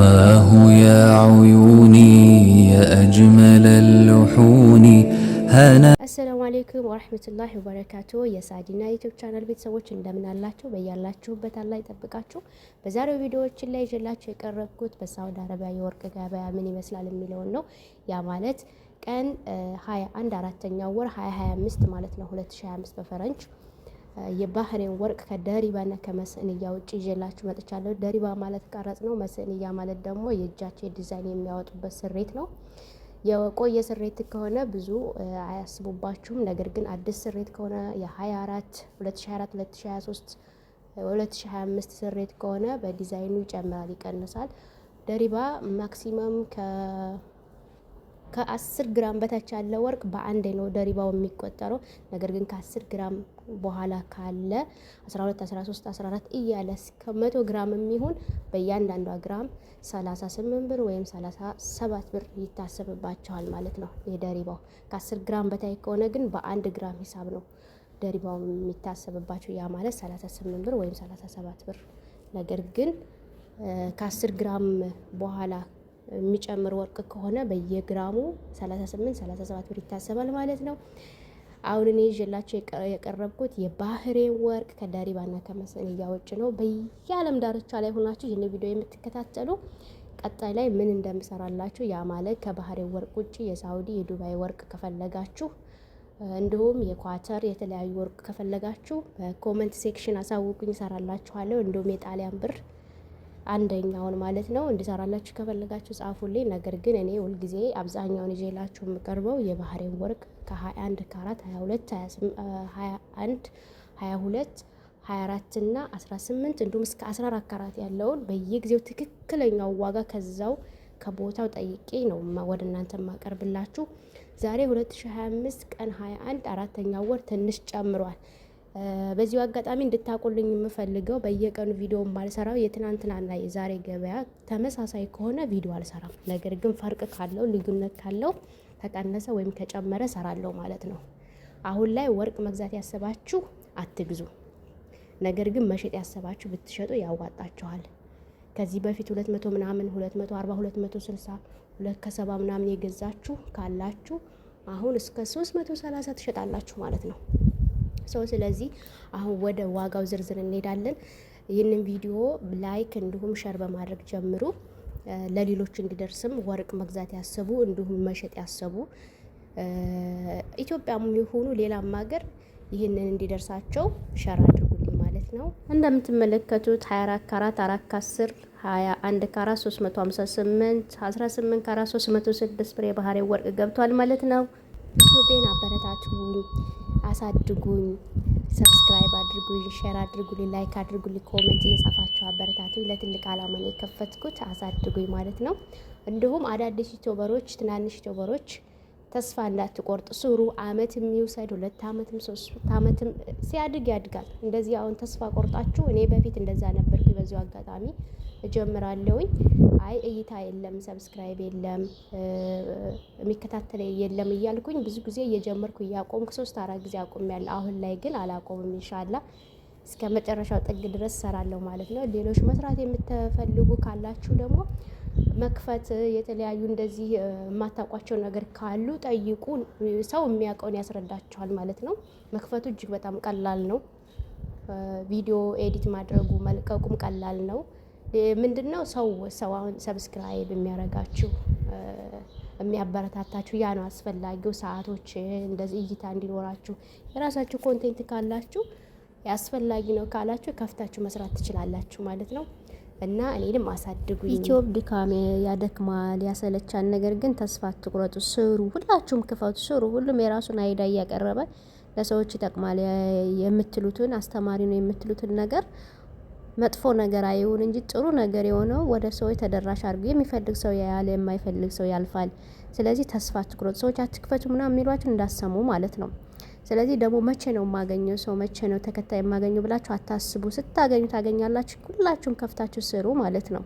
رباه يا عيوني يا أجمل اللحون هنا አሰላሙ አሌይኩም ወረህመቱላሂ ወበረካቱ የሳዲና ዩቲዩብ ቻናል ቤተሰቦች እንደምን አላችሁ? በያላችሁበት አላህ ይጠብቃችሁ። በዛሬው ቪዲዮዎችን ላይ ይዤላችሁ የቀረብኩት በሳውዲ አረቢያ የወርቅ ገበያ ምን ይመስላል የሚለውን ነው። ያ ማለት ቀን 21 አራተኛው ወር 2025 ማለት ነው 2025 በፈረንጅ የባህሬን ወርቅ ከደሪባና ከመስእንያ ውጭ ይዤላችሁ መጥቻለሁ። ደሪባ ማለት ቀረጽ ነው። መስእንያ ማለት ደግሞ የእጃቸው ዲዛይን የሚያወጡበት ስሬት ነው። የቆየ ስሬት ከሆነ ብዙ አያስቡባችሁም። ነገር ግን አዲስ ስሬት ከሆነ የ24 2024 2023 2025 ስሬት ከሆነ በዲዛይኑ ይጨምራል፣ ይቀንሳል። ደሪባ ማክሲመም ከ ከአስር ግራም በታች ያለ ወርቅ በአንድ ነው ደሪባው የሚቆጠረው። ነገር ግን ከአስር ግራም በኋላ ካለ 12፣ 13፣ 14 እያለ እስከ መቶ ግራም የሚሆን በእያንዳንዷ ግራም 38 ብር ወይም 37 ብር ይታሰብባቸዋል ማለት ነው። ይህ ደሪባው ከአስር ግራም በታይ ከሆነ ግን በአንድ ግራም ሂሳብ ነው ደሪባው የሚታሰብባቸው። ያ ማለት 38 ብር ወይም 37 ብር። ነገር ግን ከአስር ግራም በኋላ የሚጨምር ወርቅ ከሆነ በየግራሙ 38 37 ብር ይታሰባል ማለት ነው። አሁን እኔ ይዤላቸው የቀረብኩት የባህሬን ወርቅ ከዳሪባና ከመሰንያ ውጭ ነው። በየዓለም ዳርቻ ላይ ሆናችሁ ይህን ቪዲዮ የምትከታተሉ ቀጣይ ላይ ምን እንደምሰራላችሁ ያ ማለት ከባህሬን ወርቅ ውጭ የሳውዲ የዱባይ ወርቅ ከፈለጋችሁ እንዲሁም የኳተር የተለያዩ ወርቅ ከፈለጋችሁ በኮመንት ሴክሽን አሳውቁኝ፣ እሰራላችኋለሁ። እንዲሁም የጣሊያን ብር አንደኛውን ማለት ነው። እንድሰራላችሁ ከፈለጋችሁ ጻፉልኝ። ነገር ግን እኔ ሁልጊዜ አብዛኛውን ይዤላችሁ የምቀርበው የባህሬን ወርቅ ከ21 ካራት 22 21 22 24 እና 18 እንዲሁም እስከ 14 ካራት ያለውን በየጊዜው ትክክለኛው ዋጋ ከዛው ከቦታው ጠይቄ ነው ወደ እናንተ የማቀርብላችሁ። ዛሬ 2025 ቀን 21 አራተኛው ወር ትንሽ ጨምሯል። በዚሁ አጋጣሚ እንድታቁልኝ የምፈልገው በየቀኑ ቪዲዮ ማልሰራው የትናንትናና የዛሬ ገበያ ተመሳሳይ ከሆነ ቪዲዮ አልሰራም። ነገር ግን ፈርቅ ካለው ልዩነት ካለው ከቀነሰ ወይም ከጨመረ ሰራለው ማለት ነው። አሁን ላይ ወርቅ መግዛት ያሰባችሁ አትግዙ። ነገር ግን መሸጥ ያሰባችሁ ብትሸጡ ያዋጣችኋል። ከዚህ በፊት 200 ምናምን 240 260 ሁለት ከሰባ ምናምን የገዛችሁ ካላችሁ አሁን እስከ 330 ትሸጣላችሁ ማለት ነው። ሰው ስለዚህ አሁን ወደ ዋጋው ዝርዝር እንሄዳለን። ይህንን ቪዲዮ ላይክ እንዲሁም ሸር በማድረግ ጀምሩ። ለሌሎች እንዲደርስም ወርቅ መግዛት ያሰቡ እንዲሁም መሸጥ ያሰቡ ኢትዮጵያም የሆኑ ሌላም ሀገር ይህንን እንዲደርሳቸው ሸር አድርጉልኝ ማለት ነው። እንደምትመለከቱት 24 ካራት 4 ከ10 21 ካራት 358 18 ካራት 306 ብር የባህሬ ወርቅ ገብቷል ማለት ነው። ዩቲዩቤን አበረታቱኝ፣ አሳድጉኝ፣ ሰብስክራይብ አድርጉኝ፣ ሼር አድርጉልኝ፣ ላይክ አድርጉልኝ፣ ኮሜንት እየጻፋችሁ አበረታቱኝ። ለትልቅ አላማ ነው የከፈትኩት፣ አሳድጉኝ ማለት ነው። እንዲሁም አዳዲስ ዩቲዩበሮች፣ ትናንሽ ዩቲዩበሮች ተስፋ እንዳትቆርጥ ስሩ። አመት የሚውሰድ ሁለት አመትም ሶስት አመትም ሲያድግ ያድጋል። እንደዚህ አሁን ተስፋ ቆርጣችሁ እኔ በፊት እንደዛ ነበርኩ። በዚሁ አጋጣሚ እጀምራለሁኝ። አይ እይታ የለም፣ ሰብስክራይብ የለም፣ የሚከታተል የለም እያልኩኝ ብዙ ጊዜ እየጀመርኩ እያቆምኩ ሶስት አራት ጊዜ አቁሜያለሁ። አሁን ላይ ግን አላቆምም ኢንሻላ እስከ መጨረሻው ጥግ ድረስ እሰራለሁ ማለት ነው። ሌሎች መስራት የምትፈልጉ ካላችሁ ደግሞ መክፈት የተለያዩ እንደዚህ የማታውቋቸው ነገር ካሉ ጠይቁ። ሰው የሚያውቀውን ያስረዳችኋል ማለት ነው። መክፈቱ እጅግ በጣም ቀላል ነው። ቪዲዮ ኤዲት ማድረጉ መልቀቁም ቀላል ነው። ምንድን ነው ሰው ሰው አሁን ሰብስክራይብ የሚያደርጋችሁ የሚያበረታታችሁ ያ ነው አስፈላጊው። ሰዓቶች እንደዚህ እይታ እንዲኖራችሁ የራሳችሁ ኮንቴንት ካላችሁ አስፈላጊ ነው ካላችሁ ከፍታችሁ መስራት ትችላላችሁ ማለት ነው። እና እኔንም አሳድጉ። ዩቲዩብ ድካም ያደክማል፣ ያሰለቻል። ነገር ግን ተስፋ አትቁረጡ፣ ስሩ። ሁላችሁም ክፈቱ፣ ስሩ። ሁሉም የራሱን አይዳ እያቀረበ ለሰዎች ይጠቅማል የምትሉትን አስተማሪ ነው የምትሉትን ነገር መጥፎ ነገር አይሁን እንጂ ጥሩ ነገር የሆነው ወደ ሰዎች ተደራሽ አድርጉ። የሚፈልግ ሰው ያያል፣ የማይፈልግ ሰው ያልፋል። ስለዚህ ተስፋ አትቁረጡ። ሰዎች አትክፈቱ ምናምን የሚሏችሁ እንዳሰሙ ማለት ነው። ስለዚህ ደግሞ መቼ ነው የማገኘው ሰው መቼ ነው ተከታይ የማገኘው ብላችሁ አታስቡ። ስታገኙ ታገኛላችሁ። ሁላችሁም ከፍታችሁ ስሩ ማለት ነው።